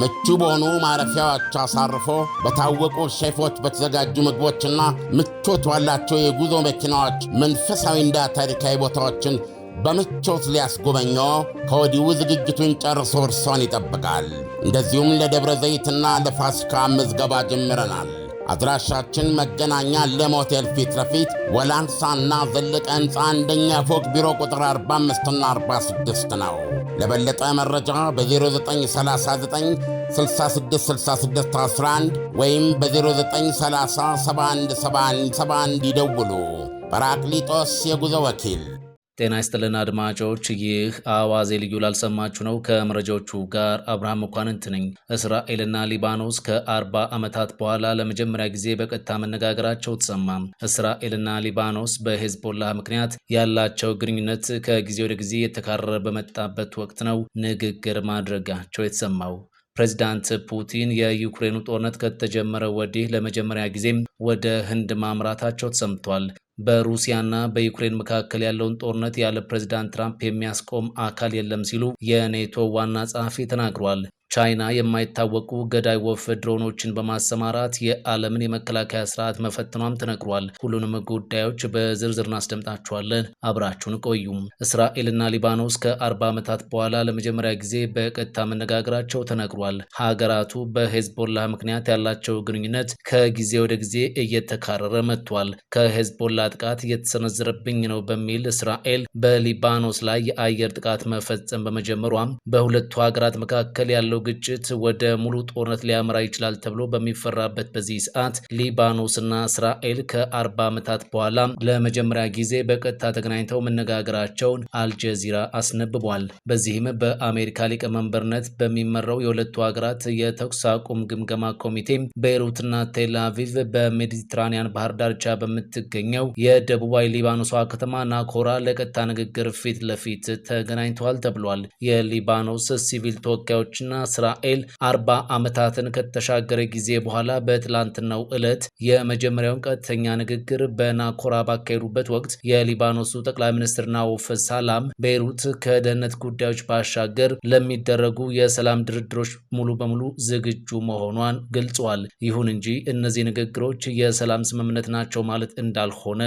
ምቹ በሆኑ ማረፊያዎች አሳርፎ በታወቁ ሼፎች በተዘጋጁ ምግቦችና ምቾት ባላቸው የጉዞ መኪናዎች መንፈሳዊና ታሪካዊ ቦታዎችን በምቾት ሊያስጎበኞ ከወዲሁ ዝግጅቱን ጨርሶ እርሶን ይጠብቃል። እንደዚሁም ለደብረ ዘይትና ለፋሲካ ምዝገባ ጀምረናል። አድራሻችን መገናኛ ለሞቴል ፊት ለፊት ወላንሳና ዘለቀ ሕንፃ አንደኛ ፎቅ ቢሮ ቁጥር 45ና 46 ነው። ለበለጠ መረጃ በ0939666611 ወይም በ0930717171 ይደውሉ። ጰራቅሊጦስ የጉዞ ወኪል ጤና ይስጥልን አድማጮች፣ ይህ አዋዜ ልዩ ላልሰማችሁ ነው። ከመረጃዎቹ ጋር አብርሃም መኳንንት ነኝ። እስራኤልና ሊባኖስ ከአርባ ዓመታት በኋላ ለመጀመሪያ ጊዜ በቀጥታ መነጋገራቸው ተሰማ። እስራኤልና ሊባኖስ በሄዝቦላ ምክንያት ያላቸው ግንኙነት ከጊዜ ወደ ጊዜ የተካረረ በመጣበት ወቅት ነው ንግግር ማድረጋቸው የተሰማው። ፕሬዚዳንት ፑቲን የዩክሬኑ ጦርነት ከተጀመረ ወዲህ ለመጀመሪያ ጊዜም ወደ ህንድ ማምራታቸው ተሰምቷል። በሩሲያና በዩክሬን መካከል ያለውን ጦርነት ያለ ፕሬዚዳንት ትራምፕ የሚያስቆም አካል የለም ሲሉ የኔቶ ዋና ጸሐፊ ተናግሯል። ቻይና የማይታወቁ ገዳይ ወፍ ድሮኖችን በማሰማራት የዓለምን የመከላከያ ስርዓት መፈተኗም ተነግሯል። ሁሉንም ጉዳዮች በዝርዝር እናስደምጣችኋለን። አብራችሁን ቆዩም። እስራኤልና ሊባኖስ ከአርባ ዓመታት በኋላ ለመጀመሪያ ጊዜ በቀጥታ መነጋገራቸው ተነግሯል። ሀገራቱ በሄዝቦላ ምክንያት ያላቸው ግንኙነት ከጊዜ ወደ ጊዜ እየተካረረ መጥቷል። ከሄዝቦላ ጥቃት እየተሰነዘረብኝ ነው በሚል እስራኤል በሊባኖስ ላይ የአየር ጥቃት መፈጸም በመጀመሯም በሁለቱ ሀገራት መካከል ያለው ግጭት ወደ ሙሉ ጦርነት ሊያመራ ይችላል ተብሎ በሚፈራበት በዚህ ሰዓት ሊባኖስ ና እስራኤል ከአርባ ዓመታት በኋላ ለመጀመሪያ ጊዜ በቀጥታ ተገናኝተው መነጋገራቸውን አልጀዚራ አስነብቧል። በዚህም በአሜሪካ ሊቀመንበርነት በሚመራው የሁለቱ ሀገራት የተኩስ አቁም ግምገማ ኮሚቴ ቤይሩትና ቴል አቪቭ በሜዲትራኒያን ባህር ዳርቻ በምትገኘው የደቡባዊ ሊባኖሷ ከተማ ናኮራ ለቀጥታ ንግግር ፊት ለፊት ተገናኝተዋል ተብሏል። የሊባኖስ ሲቪል ተወካዮችና እስራኤል አርባ ዓመታትን ከተሻገረ ጊዜ በኋላ በትላንትናው ዕለት የመጀመሪያውን ቀጥተኛ ንግግር በናኮራ ባካሄዱበት ወቅት የሊባኖሱ ጠቅላይ ሚኒስትር ናውፍ ሳላም ቤይሩት ከደህንነት ጉዳዮች ባሻገር ለሚደረጉ የሰላም ድርድሮች ሙሉ በሙሉ ዝግጁ መሆኗን ገልጿል። ይሁን እንጂ እነዚህ ንግግሮች የሰላም ስምምነት ናቸው ማለት እንዳልሆነ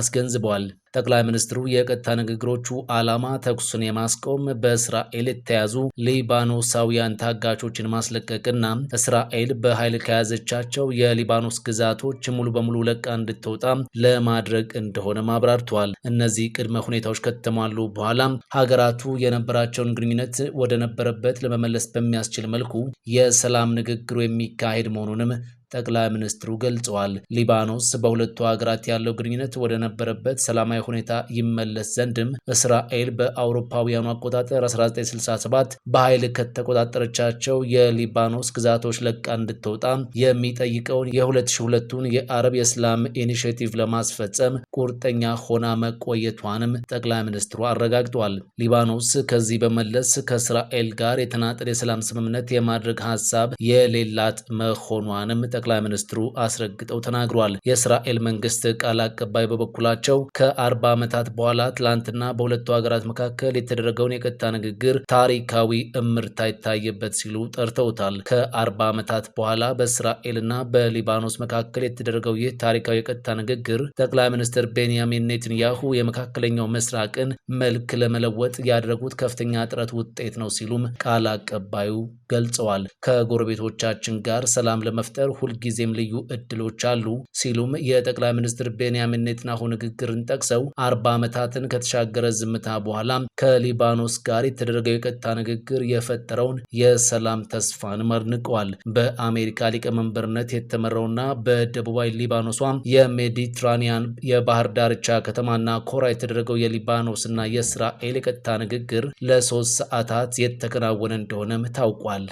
አስገንዝበዋል። ጠቅላይ ሚኒስትሩ የቀጥታ ንግግሮቹ ዓላማ ተኩስን የማስቆም በእስራኤል የተያዙ ሊባኖሳውያን ታጋቾችን ማስለቀቅና እስራኤል በኃይል ከያዘቻቸው የሊባኖስ ግዛቶች ሙሉ በሙሉ ለቃ እንድትወጣ ለማድረግ እንደሆነም አብራርተዋል። እነዚህ ቅድመ ሁኔታዎች ከተሟሉ በኋላ ሀገራቱ የነበራቸውን ግንኙነት ወደ ነበረበት ለመመለስ በሚያስችል መልኩ የሰላም ንግግሩ የሚካሄድ መሆኑንም ጠቅላይ ሚኒስትሩ ገልጸዋል። ሊባኖስ በሁለቱ ሀገራት ያለው ግንኙነት ወደ ነበረበት ሰላማዊ ሁኔታ ይመለስ ዘንድም እስራኤል በአውሮፓውያኑ አቆጣጠር 1967 በኃይል ከተቆጣጠረቻቸው የሊባኖስ ግዛቶች ለቃ እንድትወጣ የሚጠይቀውን የ2002ቱን የአረብ የእስላም ኢኒሽቲቭ ለማስፈጸም ቁርጠኛ ሆና መቆየቷንም ጠቅላይ ሚኒስትሩ አረጋግጧል። ሊባኖስ ከዚህ በመለስ ከእስራኤል ጋር የተናጠል የሰላም ስምምነት የማድረግ ሀሳብ የሌላት መሆኗንም ጠቅላይ ሚኒስትሩ አስረግጠው ተናግሯል። የእስራኤል መንግስት ቃል አቀባይ በበኩላቸው ከአርባ ዓመታት በኋላ ትላንትና በሁለቱ ሀገራት መካከል የተደረገውን የቀጥታ ንግግር ታሪካዊ እምርታ ይታየበት ሲሉ ጠርተውታል። ከአርባ ዓመታት በኋላ በእስራኤልና በሊባኖስ መካከል የተደረገው ይህ ታሪካዊ የቀጥታ ንግግር ጠቅላይ ሚኒስትር ቤንያሚን ኔትንያሁ የመካከለኛው ምስራቅን መልክ ለመለወጥ ያደረጉት ከፍተኛ ጥረት ውጤት ነው ሲሉም ቃል አቀባዩ ገልጸዋል። ከጎረቤቶቻችን ጋር ሰላም ለመፍጠር ሁልጊዜም ልዩ እድሎች አሉ ሲሉም የጠቅላይ ሚኒስትር ቤንያሚን ኔትናሁ ንግግርን ጠቅሰው አርባ ዓመታትን ከተሻገረ ዝምታ በኋላ ከሊባኖስ ጋር የተደረገው የቀጥታ ንግግር የፈጠረውን የሰላም ተስፋን መርንቀዋል። በአሜሪካ ሊቀመንበርነት የተመራውና በደቡባዊ ሊባኖሷ የሜዲትራኒያን የባህር ዳርቻ ከተማና ኮራ የተደረገው የሊባኖስና የእስራኤል የቀጥታ ንግግር ለሶስት ሰዓታት የተከናወነ እንደሆነም ታውቋል።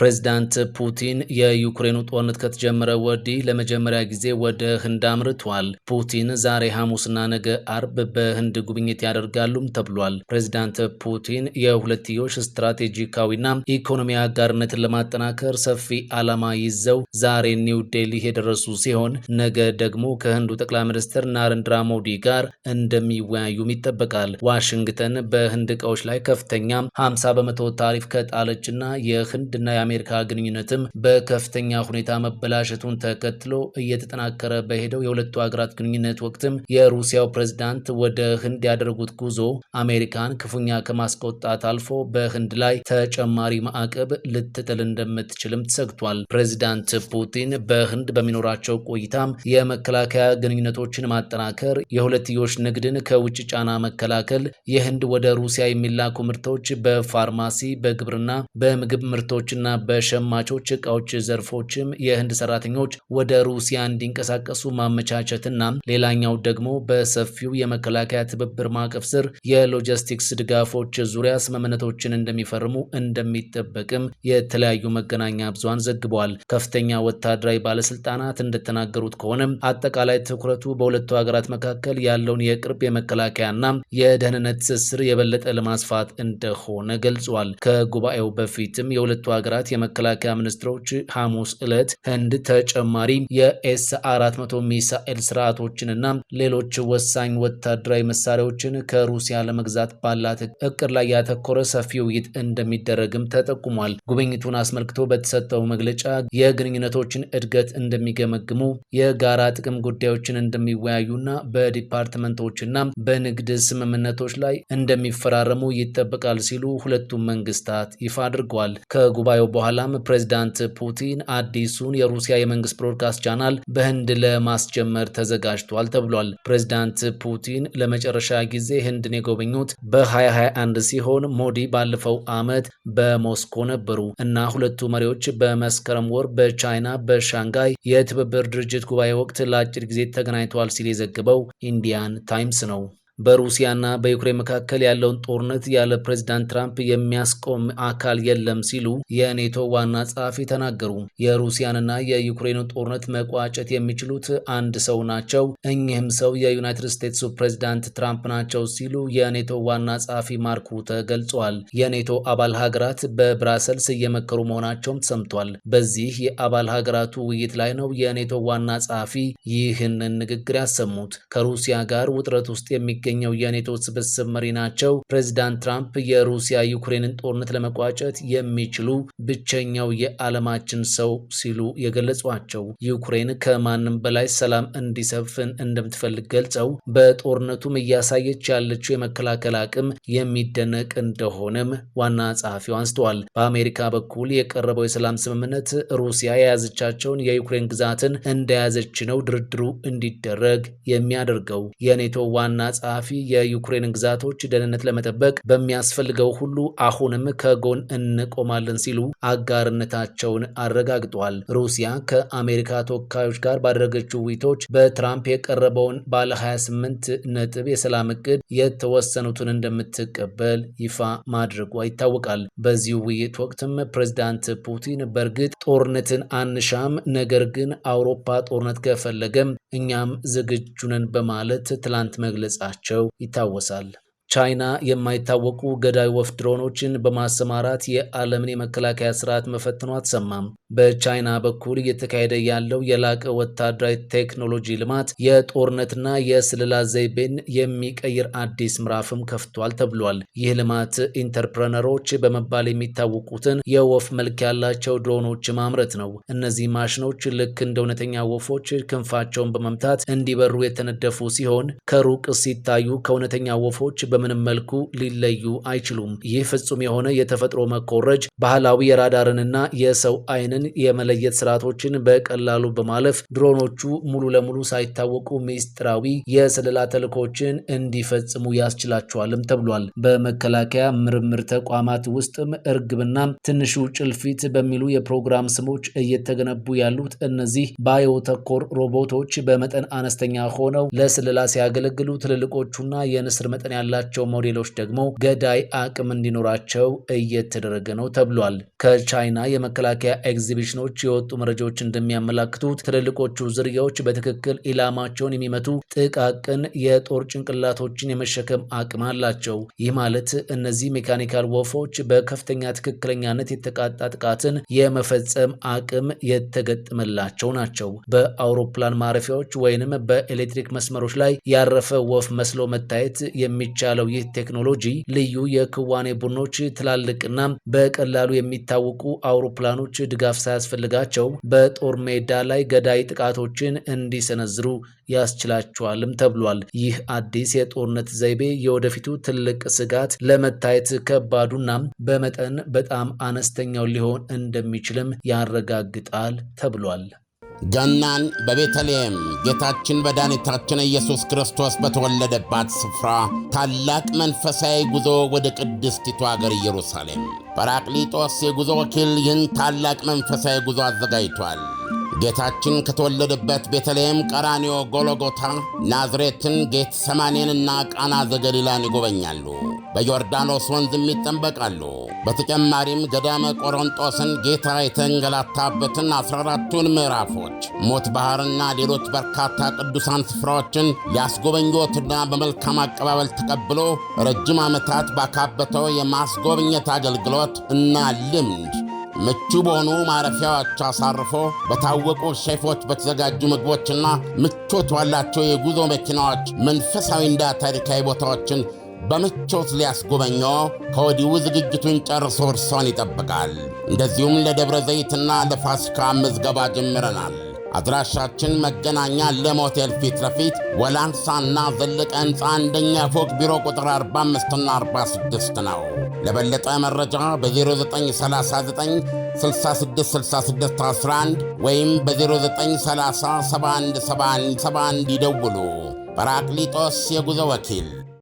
ፕሬዚዳንት ፑቲን የዩክሬኑ ጦርነት ከተጀመረ ወዲህ ለመጀመሪያ ጊዜ ወደ ህንድ አምርቷል። ፑቲን ዛሬ ሐሙስና ነገ አርብ በህንድ ጉብኝት ያደርጋሉም ተብሏል። ፕሬዚዳንት ፑቲን የሁለትዮሽ ስትራቴጂካዊና ኢኮኖሚ አጋርነትን ለማጠናከር ሰፊ ዓላማ ይዘው ዛሬ ኒው ዴሊ የደረሱ ሲሆን ነገ ደግሞ ከህንዱ ጠቅላይ ሚኒስትር ናረንድራ ሞዲ ጋር እንደሚወያዩም ይጠበቃል። ዋሽንግተን በህንድ ዕቃዎች ላይ ከፍተኛ 50 በመቶ ታሪፍ ከጣለችና የህንድና የአሜሪካ ግንኙነትም በከፍተኛ ሁኔታ መበላሸቱን ተከትሎ እየተጠናከረ በሄደው የሁለቱ ሀገራት ግንኙነት ወቅትም የሩሲያው ፕሬዝዳንት ወደ ህንድ ያደረጉት ጉዞ አሜሪካን ክፉኛ ከማስቆጣት አልፎ በህንድ ላይ ተጨማሪ ማዕቀብ ልትጥል እንደምትችልም ተሰግቷል። ፕሬዚዳንት ፑቲን በህንድ በሚኖራቸው ቆይታም የመከላከያ ግንኙነቶችን ማጠናከር፣ የሁለትዮሽ ንግድን ከውጭ ጫና መከላከል፣ የህንድ ወደ ሩሲያ የሚላኩ ምርቶች በፋርማሲ፣ በግብርና፣ በምግብ ምርቶችና በሸማቾች እቃዎች ዘርፎችም የህንድ ሰራተኞች ወደ ሩሲያ እንዲንቀሳቀሱ ማመቻቸትና ሌላኛው ደግሞ በሰፊው የመከላከያ ትብብር ማዕቀፍ ስር የሎጂስቲክስ ድጋፎች ዙሪያ ስምምነቶችን እንደሚፈርሙ እንደሚጠበቅም የተለያዩ መገናኛ ብዙሃን ዘግበዋል። ከፍተኛ ወታደራዊ ባለስልጣናት እንደተናገሩት ከሆነም አጠቃላይ ትኩረቱ በሁለቱ ሀገራት መካከል ያለውን የቅርብ የመከላከያና የደህንነት ትስስር የበለጠ ለማስፋት እንደሆነ ገልጿል። ከጉባኤው በፊትም የሁለቱ ሀገራት ሀገራት የመከላከያ ሚኒስትሮች ሐሙስ ዕለት ህንድ ተጨማሪ የኤስ 400 ሚሳኤል ስርዓቶችንና ሌሎች ወሳኝ ወታደራዊ መሳሪያዎችን ከሩሲያ ለመግዛት ባላት እቅድ ላይ ያተኮረ ሰፊ ውይይት እንደሚደረግም ተጠቁሟል። ጉብኝቱን አስመልክቶ በተሰጠው መግለጫ የግንኙነቶችን እድገት እንደሚገመግሙ፣ የጋራ ጥቅም ጉዳዮችን እንደሚወያዩና በዲፓርትመንቶችና በንግድ ስምምነቶች ላይ እንደሚፈራረሙ ይጠበቃል ሲሉ ሁለቱም መንግስታት ይፋ አድርገዋል። ከጉባኤው በኋላም ፕሬዚዳንት ፑቲን አዲሱን የሩሲያ የመንግስት ብሮድካስት ቻናል በህንድ ለማስጀመር ተዘጋጅቷል ተብሏል። ፕሬዚዳንት ፑቲን ለመጨረሻ ጊዜ ህንድን የጎበኙት በ2021 ሲሆን ሞዲ ባለፈው ዓመት በሞስኮ ነበሩ እና ሁለቱ መሪዎች በመስከረም ወር በቻይና በሻንጋይ የትብብር ድርጅት ጉባኤ ወቅት ለአጭር ጊዜ ተገናኝተዋል ሲል የዘግበው ኢንዲያን ታይምስ ነው። በሩሲያና በዩክሬን መካከል ያለውን ጦርነት ያለ ፕሬዚዳንት ትራምፕ የሚያስቆም አካል የለም ሲሉ የኔቶ ዋና ጸሐፊ ተናገሩ። የሩሲያንና የዩክሬን ጦርነት መቋጨት የሚችሉት አንድ ሰው ናቸው፣ እኚህም ሰው የዩናይትድ ስቴትሱ ፕሬዚዳንት ትራምፕ ናቸው ሲሉ የኔቶ ዋና ጸሐፊ ማርክ ሩተ ገልጸዋል። የኔቶ አባል ሀገራት በብራሰልስ እየመከሩ መሆናቸውም ተሰምቷል። በዚህ የአባል ሀገራቱ ውይይት ላይ ነው የኔቶ ዋና ጸሐፊ ይህንን ንግግር ያሰሙት። ከሩሲያ ጋር ውጥረት ውስጥ የሚገ የሚገኘው የኔቶ ስብስብ መሪ ናቸው። ፕሬዚዳንት ትራምፕ የሩሲያ ዩክሬንን ጦርነት ለመቋጨት የሚችሉ ብቸኛው የዓለማችን ሰው ሲሉ የገለጿቸው ዩክሬን ከማንም በላይ ሰላም እንዲሰፍን እንደምትፈልግ ገልጸው በጦርነቱም እያሳየች ያለችው የመከላከል አቅም የሚደነቅ እንደሆነም ዋና ጸሐፊው አንስተዋል። በአሜሪካ በኩል የቀረበው የሰላም ስምምነት ሩሲያ የያዘቻቸውን የዩክሬን ግዛትን እንደያዘች ነው ድርድሩ እንዲደረግ የሚያደርገው የኔቶ ዋና ጸሐፊ ጸሐፊ የዩክሬንን ግዛቶች ደህንነት ለመጠበቅ በሚያስፈልገው ሁሉ አሁንም ከጎን እንቆማለን ሲሉ አጋርነታቸውን አረጋግጧል። ሩሲያ ከአሜሪካ ተወካዮች ጋር ባደረገችው ውይይቶች በትራምፕ የቀረበውን ባለ 28 ነጥብ የሰላም እቅድ የተወሰኑትን እንደምትቀበል ይፋ ማድረጓ ይታወቃል። በዚሁ ውይይት ወቅትም ፕሬዚዳንት ፑቲን በእርግጥ ጦርነትን አንሻም፣ ነገር ግን አውሮፓ ጦርነት ከፈለገም እኛም ዝግጁ ነን በማለት ትላንት መግለጻቸው መሆናቸው ይታወሳል። ቻይና የማይታወቁ ገዳይ ወፍ ድሮኖችን በማሰማራት የዓለምን የመከላከያ ስርዓት መፈተኗ አትሰማም። በቻይና በኩል እየተካሄደ ያለው የላቀ ወታደራዊ ቴክኖሎጂ ልማት የጦርነትና የስለላ ዘይቤን የሚቀይር አዲስ ምዕራፍም ከፍቷል ተብሏል። ይህ ልማት ኢንተርፕረነሮች በመባል የሚታወቁትን የወፍ መልክ ያላቸው ድሮኖች ማምረት ነው። እነዚህ ማሽኖች ልክ እንደ እውነተኛ ወፎች ክንፋቸውን በመምታት እንዲበሩ የተነደፉ ሲሆን ከሩቅ ሲታዩ ከእውነተኛ ወፎች በምንም መልኩ ሊለዩ አይችሉም። ይህ ፍጹም የሆነ የተፈጥሮ መኮረጅ ባህላዊ የራዳርንና የሰው ዓይንን የመለየት ስርዓቶችን በቀላሉ በማለፍ ድሮኖቹ ሙሉ ለሙሉ ሳይታወቁ ሚስጥራዊ የስለላ ተልእኮችን እንዲፈጽሙ ያስችላቸዋልም ተብሏል። በመከላከያ ምርምር ተቋማት ውስጥም እርግብና ትንሹ ጭልፊት በሚሉ የፕሮግራም ስሞች እየተገነቡ ያሉት እነዚህ ባዮተኮር ሮቦቶች በመጠን አነስተኛ ሆነው ለስለላ ሲያገለግሉ ትልልቆቹና የንስር መጠን ያላቸው ያላቸው ሞዴሎች ደግሞ ገዳይ አቅም እንዲኖራቸው እየተደረገ ነው ተብሏል። ከቻይና የመከላከያ ኤግዚቢሽኖች የወጡ መረጃዎች እንደሚያመላክቱት ትልልቆቹ ዝርያዎች በትክክል ኢላማቸውን የሚመቱ ጥቃቅን የጦር ጭንቅላቶችን የመሸከም አቅም አላቸው። ይህ ማለት እነዚህ ሜካኒካል ወፎች በከፍተኛ ትክክለኛነት የተቃጣ ጥቃትን የመፈጸም አቅም የተገጠመላቸው ናቸው። በአውሮፕላን ማረፊያዎች ወይንም በኤሌክትሪክ መስመሮች ላይ ያረፈ ወፍ መስሎ መታየት የሚቻል የተባለው ይህ ቴክኖሎጂ ልዩ የክዋኔ ቡድኖች ትላልቅና በቀላሉ የሚታወቁ አውሮፕላኖች ድጋፍ ሳያስፈልጋቸው በጦር ሜዳ ላይ ገዳይ ጥቃቶችን እንዲሰነዝሩ ያስችላቸዋልም ተብሏል። ይህ አዲስ የጦርነት ዘይቤ የወደፊቱ ትልቅ ስጋት ለመታየት ከባዱና በመጠን በጣም አነስተኛው ሊሆን እንደሚችልም ያረጋግጣል ተብሏል። ገናን በቤተልሔም ጌታችን መድኃኒታችን ኢየሱስ ክርስቶስ በተወለደባት ስፍራ ታላቅ መንፈሳዊ ጉዞ ወደ ቅድስቲቱ አገር ኢየሩሳሌም ጰራቅሊጦስ የጉዞ ወኪል ይህን ታላቅ መንፈሳዊ ጉዞ አዘጋጅቷል። ጌታችን ከተወለደበት ቤተልሔም፣ ቀራኒዮ፣ ጎሎጎታ፣ ናዝሬትን፣ ጌት ሰማኔንና ቃና ዘገሊላን ይጎበኛሉ። በዮርዳኖስ ወንዝም ይጠንበቃሉ። በተጨማሪም ገዳመ ቆሮንጦስን ጌታ የተንገላታበትን 14ቱን ምዕራፎች ሞት ባሕርና ሌሎች በርካታ ቅዱሳን ስፍራዎችን ሊያስጎበኞትና በመልካም አቀባበል ተቀብሎ ረጅም ዓመታት ባካበተው የማስጎብኘት አገልግሎት እና ልምድ ምቹ በሆኑ ማረፊያዎች አሳርፎ በታወቁ ሼፎች በተዘጋጁ ምግቦችና ምቾት ባላቸው የጉዞ መኪናዎች መንፈሳዊና ታሪካዊ ቦታዎችን በምቾት ሊያስጎበኞ ከወዲሁ ዝግጅቱን ጨርሶ እርሶን ይጠብቃል። እንደዚሁም ለደብረ ዘይትና ለፋሲካ ምዝገባ ጀምረናል። አድራሻችን መገናኛ ለሞቴል ፊት ለፊት ወላንሳና ዘለቀ ሕንፃ አንደኛ ፎቅ ቢሮ ቁጥር 45ና 46 ነው። ለበለጠ መረጃ በ0939 666611 ወይም በ0930 ይደውሉ። ጰራቅሊጦስ የጉዞ ወኪል